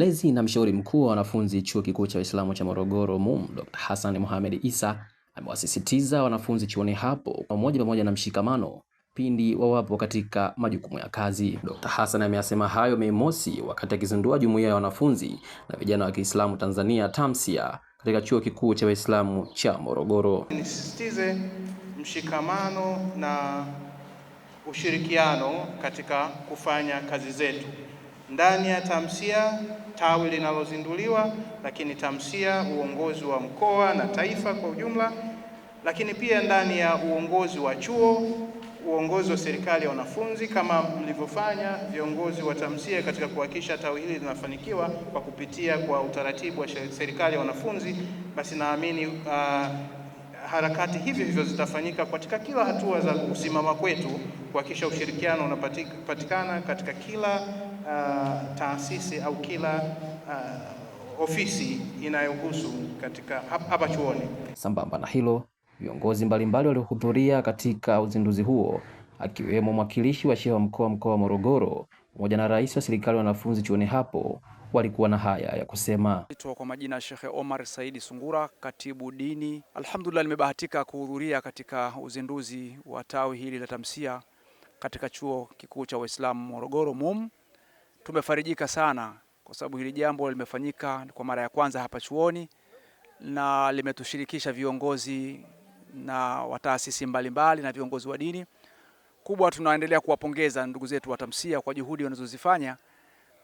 Mlezi na mshauri mkuu wa wanafunzi Chuo Kikuu cha Waislamu cha Morogoro MUM Dr. Hassan Mohamed Isa amewasisitiza wanafunzi chuoni hapo pamoja pamoja na mshikamano pindi wawapo katika majukumu ya kazi. Dr. Hassan ameyasema hayo Mei Mosi wakati akizindua jumuiya ya wanafunzi na vijana wa Kiislamu Tanzania TAMSIA katika Chuo Kikuu cha Waislamu cha Morogoro. Nisisitize mshikamano na ushirikiano katika kufanya kazi zetu ndani ya tamsia tawi linalozinduliwa, lakini tamsia uongozi wa mkoa na taifa kwa ujumla, lakini pia ndani ya uongozi wa chuo, uongozi wa serikali ya wanafunzi, kama mlivyofanya viongozi wa tamsia katika kuhakikisha tawi hili linafanikiwa kwa kupitia kwa utaratibu wa serikali ya wanafunzi, basi naamini uh, harakati hivyo hivyo zitafanyika katika kila hatua za kusimama kwetu kuhakikisha ushirikiano unapatikana katika kila uh, taasisi au kila uh, ofisi inayohusu katika hapa chuoni. Sambamba na hilo, viongozi mbalimbali waliohudhuria katika uzinduzi huo akiwemo mwakilishi wa shehe wa mkoa mkoa wa Morogoro pamoja na rais wa serikali wanafunzi chuoni hapo walikuwa na haya ya kusema. Kwa majina Shekhe Omar Saidi Sungura, katibu dini. Alhamdulillah, nimebahatika kuhudhuria katika uzinduzi wa tawi hili la tamsia katika chuo kikuu cha Waislamu Morogoro MUM. Tumefarijika sana kwa sababu hili jambo limefanyika kwa mara ya kwanza hapa chuoni na limetushirikisha viongozi na wataasisi mbalimbali na viongozi wa dini kubwa. Tunaendelea kuwapongeza ndugu zetu wa tamsia kwa juhudi wanazozifanya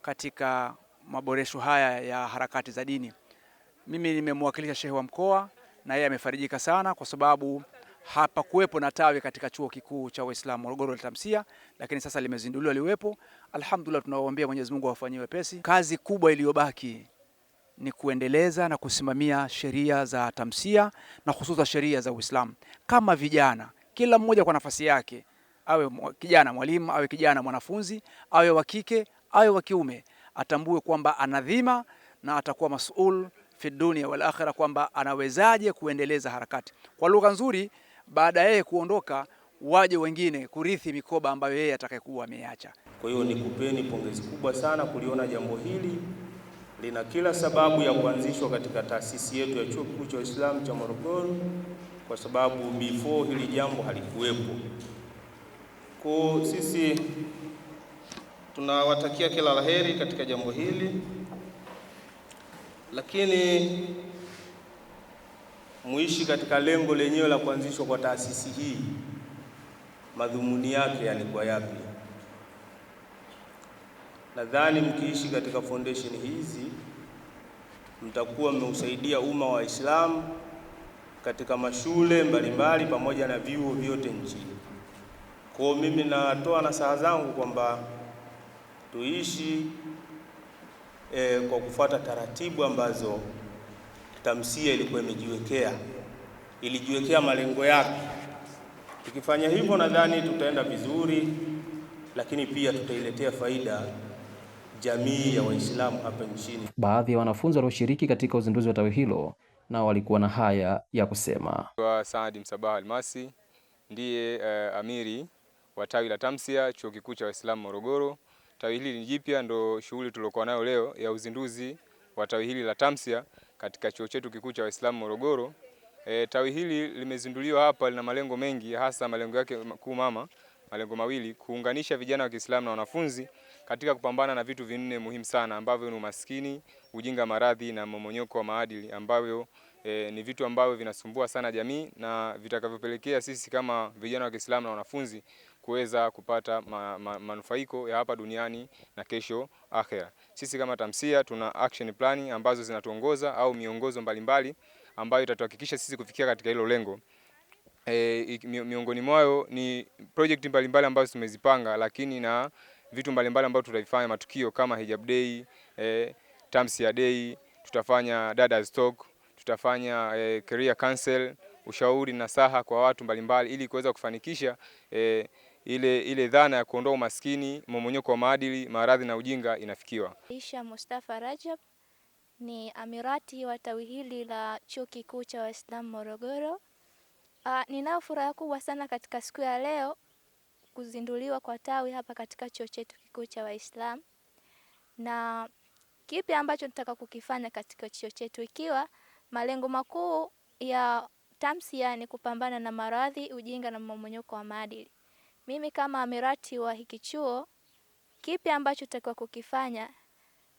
katika maboresho haya ya harakati za dini. Mimi nimemwakilisha shehe wa mkoa na yeye amefarijika sana kwa sababu hapa kuwepo na tawi katika chuo kikuu cha Uislamu Morogoro Tamsia, lakini sasa limezinduliwa liwepo. Alhamdulillah, tunawaombea Mwenyezi Mungu awafanyie wepesi. Kazi kubwa iliyobaki ni kuendeleza na kusimamia sheria za Tamsia na hususa sheria za Uislamu. Kama vijana, kila mmoja kwa nafasi yake, awe kijana mwalimu, awe kijana mwanafunzi, awe wa kike, awe wa kiume, atambue kwamba ana dhima na atakuwa masuul fi dunia wal akhira, kwamba anawezaje kuendeleza harakati. Kwa lugha nzuri, baada yeye kuondoka waje wengine kurithi mikoba ambayo yeye atakayekuwa ameacha Kwa hiyo nikupeni pongezi kubwa sana kuliona jambo hili lina kila sababu ya kuanzishwa katika taasisi yetu ya Chuo Kikuu cha Uislamu cha Morogoro, kwa sababu before hili jambo halikuwepo. Kwa sisi tunawatakia kila laheri katika jambo hili, lakini muishi katika lengo lenyewe la kuanzishwa kwa taasisi hii. Madhumuni yake yalikuwa yapi? Nadhani mkiishi katika foundation hizi mtakuwa mmeusaidia umma wa Waislamu katika mashule mbalimbali pamoja na vyuo vyote nchini. Kwa mimi natoa nasaha zangu kwamba tuishi e, kwa kufuata taratibu ambazo tamsia ilikuwa imejiwekea, ilijiwekea malengo yake. Tukifanya hivyo, nadhani tutaenda vizuri, lakini pia tutailetea faida jamii ya Waislamu hapa nchini. Baadhi ya wanafunzi walioshiriki katika uzinduzi wa tawi hilo nao walikuwa na haya ya kusema. Kwa Saadi Msabaha Almasi ndiye uh, amiri wa tawi la Tamsia chuo kikuu cha Waislamu Morogoro. Tawi hili ni jipya, ndo shughuli tuliokuwa nayo leo ya uzinduzi wa tawi hili la TAMSIA katika chuo chetu kikuu cha Waislamu Morogoro. E, tawi hili limezinduliwa hapa, lina malengo mengi, hasa malengo yake kuu mama, malengo mawili: kuunganisha vijana wa Kiislamu na wanafunzi katika kupambana na vitu vinne muhimu sana ambavyo ni umaskini, ujinga, maradhi na mmomonyoko wa maadili ambavyo E, ni vitu ambavyo vinasumbua sana jamii na vitakavyopelekea sisi kama vijana wa Kiislamu na wanafunzi kuweza kupata ma, ma, manufaiko ya hapa duniani na kesho akhera. Sisi kama Tamsiya tuna action plan ambazo zinatuongoza au miongozo mbalimbali mbali, ambayo itatuhakikisha sisi kufikia katika hilo lengo. E, miongoni mwayo ni project mbalimbali ambazo tumezipanga, lakini na vitu mbalimbali ambavyo tutavifanya, matukio kama Hijab Day, e, Tamsiya Day, tutafanya Dadaz Talk, tutafanya e, career council, ushauri na saha kwa watu mbalimbali ili kuweza kufanikisha e, ile ile dhana ya kuondoa umaskini, mmomonyoko wa maadili, maradhi na ujinga inafikiwa. Aisha Mustafa Rajab ni amirati wa tawi hili la Chuo Kikuu cha Waislamu Morogoro. Ah, ninao furaha kubwa sana katika siku ya leo kuzinduliwa kwa tawi hapa katika chuo chetu kikuu cha Waislamu. Na kipi ambacho tunataka kukifanya katika chuo chetu, ikiwa malengo makuu ya TAMSIA ni kupambana na maradhi, ujinga na mmomonyoko wa maadili mimi kama amirati wa hiki chuo, kipi ambacho tutakiwa kukifanya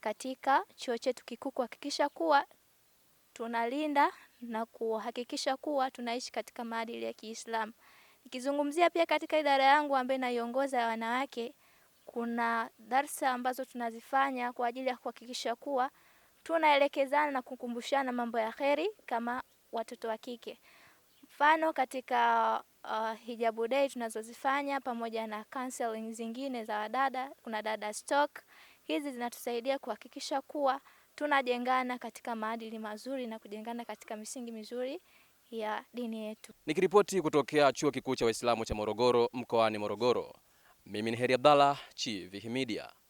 katika chuo chetu kikuu kuhakikisha kuwa tunalinda na kuhakikisha kuwa tunaishi katika maadili ya Kiislamu. Nikizungumzia pia katika idara yangu ambayo inaiongoza ya wanawake, kuna darsa ambazo tunazifanya kwa ajili ya kuhakikisha kuwa tunaelekezana na kukumbushana mambo ya kheri kama watoto wa kike. Mfano katika uh, hijabu day tunazozifanya pamoja na counseling zingine za wadada, kuna dada stock. Hizi zinatusaidia kuhakikisha kuwa tunajengana katika maadili mazuri na kujengana katika misingi mizuri ya dini yetu. Nikiripoti kutokea Chuo Kikuu cha Waislamu cha Morogoro mkoani Morogoro, mimi ni Heri Abdalla, Chivihi Media.